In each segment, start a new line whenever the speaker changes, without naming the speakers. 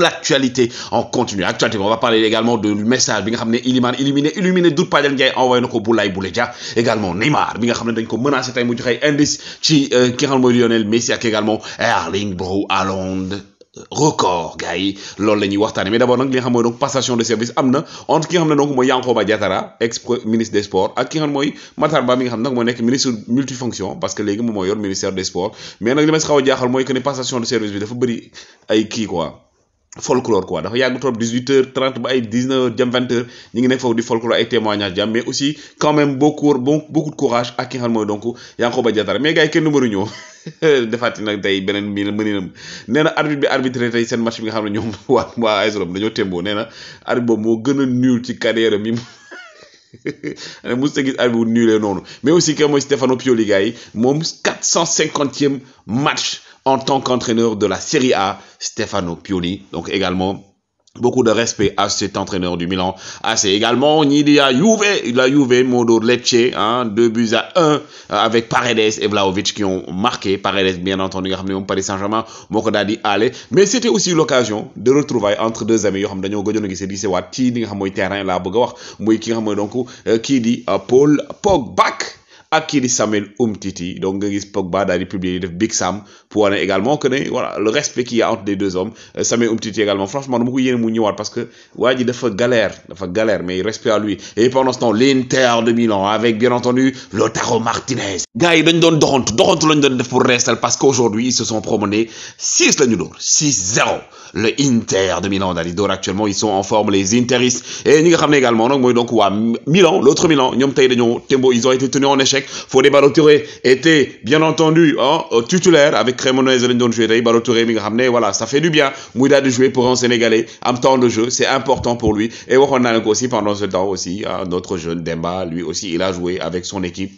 l'actualité en continu actualité on va parler également de message bi nga xamné Iliman Ilimane illuminé illuminé Doudou Badiane Ndiaye envoyé nako ko Boulaye Boulaye Dia également Neymar bi nga xamné dañ ko menacer tay mu joxe indice ci euh, ki nga xam Lionel Messi ak également Erling Braut Haaland record gars yi loolu la mais d'abord nak li nga xam donc passation de service amna entre ki nga xam donc moy Yankoba Diatara ex ministre des sports ak ki nga xam mooy Matar Ba mi nga xam nak mo nek ministre multifonction parce que légui mo moy yor ministère des sports mais nak li ma si xaw jaaxal que ne passation de service bi dafa bëri ay ki quoi folklore quoi dafa yàgg trop 18 heures 30 ba ay 19 heures jëm 20 heures ñu ngi nekk foofu di folklore ay témoignages jàmm mais aussi quand même beaucoup bon beaucoup de courage ak ki nga xam mooy donc Yankhoba Diattara mais gars yi kenn du mënu ñëw defaat beneen mi mëninam nee na arbitre bi arbitré tey seen match bi nga xam ne ñoom waa waa AS Rome dañoo témboo nee na arbitre boobu moo gën a nul ci carrière mi ane mos ta gis arbitre bu nul noonu mais aussi que mooy en tant qu'entraîneur de la Serie A, Stefano Pioli. Donc également beaucoup de respect à cet entraîneur du Milan. Ah, c'est également Nidia Juve, la Juve, Modo Lecce, hein, 2 buts à un euh, avec Paredes et Vlaovic qui ont marqué. Paredes, bien entendu, Ramon Paris Saint-Germain, Mokodadi allez. Mais c'était aussi l'occasion de retrouver entre deux amis. Yoham Daniel Godjon qui s'est dit, c'est Wati, Terrain, là, Bogawa, Mouy qui donc, qui euh, dit euh, Paul Pogbach. Akili Samuel Umtiti donc nga Pogba a di Big Sam pour aller également que le respect qu'il y a entre les deux hommes euh, Samuel Umtiti également franchement dama ko yéene parce que il a dafa galère dafa galère mais il respect à lui et pendant ce temps l'Inter de Milan avec bien entendu Lautaro Martinez. gars yi donnent doon doxantu doxantu lañ pour rester parce qu'aujourd'hui ils se sont promenés 6-0, 6 le Inter de Milan dali actuellement ils sont en forme les Interistes et nous nga également donc donc Milan l'autre Milan ils ont été tenus en échec. Fode Balotouré était bien entendu hein, euh, titulaire avec Crémono et Zelendon Juerei. Balotouré, Migramné, voilà, ça fait du bien. Mouida de jouer pour un Sénégalais en temps de jeu, c'est important pour lui. Et on a aussi pendant ce temps aussi, hein, notre jeune Demba, lui aussi, il a joué avec son équipe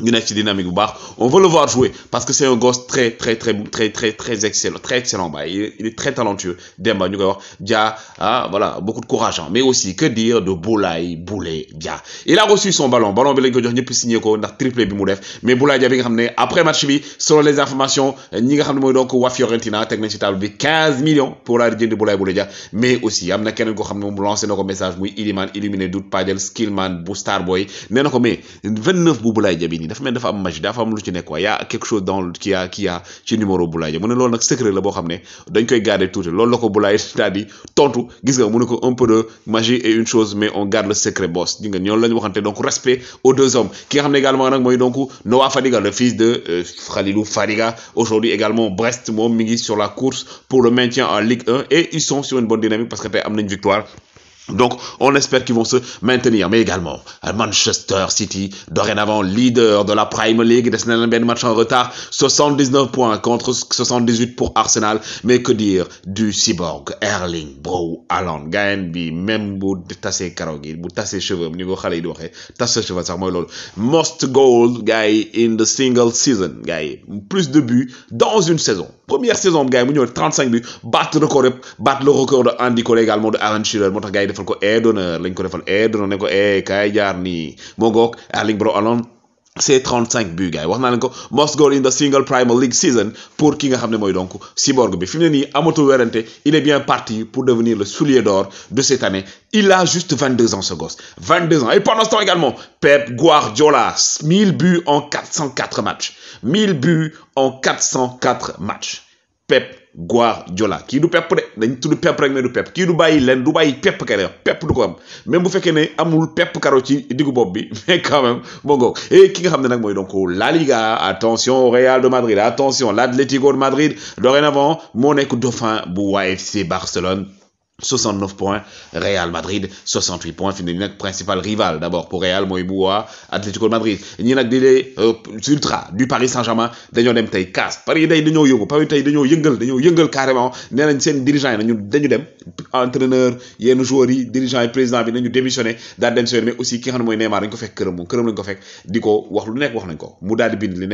ñu dynamique bu on veut le voir jouer parce que c'est un gosse très très très très très très excellent très excellent bah il est très talentueux Demba ñu koy Dia ah voilà beaucoup de courage hein. mais aussi que dire de boulay Boulaye Dia il a reçu son ballon ballon bi lañ ko jox ñëpp signé ko ndax triplé bi mais boulay Dia bi nga après match bi selon les informations ñi nga xam ne donc Fiorentina teg nañ ci 15 millions pour la de Boulaye Boulaye Dia mais aussi am na keneen koo un lancé na message muy Iliman Illuminé Doute Padel Skillman boostar boy. nee na mais 29 boulay Boulaye Dia bi yi dafa mel dafa am magie dafa am lu ci nekk quoi y a quelque chose dans qui a qui a ci numéro Boulaye Dia mu ne loolu secret la boo xam ne dañ koy garder tuuti loolu la ko Boulaye c'est-à-dire tontu gis nga mu un peu de magie et une chose mais on garde le secret boss ñi nga ñoom waxante donc respect aux deux hommes ki nga xam également nag mooy donc Noah Fadiga le fils de euh, Khalilou Fadiga aujourd'hui également Brest moom mi sur la course pour le maintien en Ligue 1 et ils sont sur une bonne dynamique parce que tey am nañ victoire donc, on espère qu'ils vont se maintenir. Mais également, Manchester City, dorénavant leader de la Prime League, Destination Ben match en retard, 79 points contre 78 pour Arsenal. Mais que dire du cyborg Erling Bro Haaland gain même même de tasser karaw bout de tasse cheveux ni ko xale cheveux Ça moi most goal guy in the single season guy, plus de buts dans une saison première saison guy, 35 buts battre record battre le record de Andy Cole également de Aaron Schiller montre guy de c'est 35 buts ko most goal in the single Premier League season pour ki nga donc Cyborg bi il est bien parti pour devenir le soulier d'or de cette année il a juste 22 ans ce gosse 22 ans et pendant ce temps également Pep Guardiola 1000 buts en 404 matchs 1000 buts en 404 matchs Pep Guardiola qui du Pep dañ nous Pep rek nous du Pep Qui du bayyi Nous du bayyi Pep Guardiola Pep du ko am même bu féké né amul Pep karo ci diggu bob bi mais quand même Bon, go. et ki nga xamné nak moy donc La Liga attention au Real de Madrid attention l'Atlético de Madrid dorénavant mon dauphin bu FC, Barcelone 69 points, Real Madrid 68 points, fi nañu principal rival d'abord pour Real mooy bu waa Atlético de Madrid ñi nag di ultra du Paris Saint-Germain dañoo dem tey casse Paris tey dañoo yëngu Paris tey dañoo yëngal dañoo yëngal carrément nee nañ seen dirigeant yi nañu dañu dem entraîneur yenn joueurs yi dirigeant yi président bi nañu démissionné daal dem seen mais aussi ki nga xam Neymar dañu ko fekk këram moom këram lañu ko fekk di ko wax lu nekk wax nañ ko mu daal bind li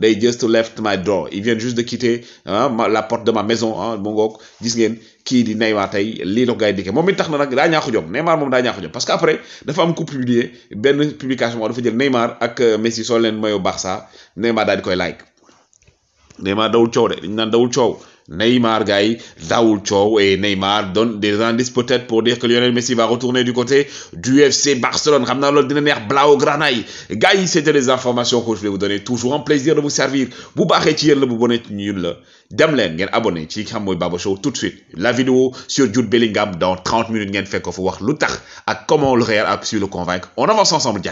they just left my door ils viennent juste de quitter hein, la porte de ma maison mon hein, mu ngoog gis ngeen kii di Neymar tey lii la ko gars yi dikkee moom it tax na nag daa ñaaxu jom Neymar moom daa ñaaxu jom parce que après dafa am ku publier benn publication moo dafa jël Neymar ak euh, Messi soo leen mayo Barça Neymar daal di koy like Neymar dawul coow de dañu naan dawul coow Neymar, Gaï, Daoul Chow et Neymar donnent des indices peut-être pour dire que Lionel Messi va retourner du côté du FC Barcelone. Gaï, c'était les informations que je voulais vous donner. Toujours un plaisir de vous servir. Vous barrez le vous bonnet nul. Demlen, vous abonnez. vous Babo Show tout de suite. La vidéo sur Jude Bellingham dans 30 minutes. Vous faites voir à comment le Real a pu le convaincre. On avance ensemble,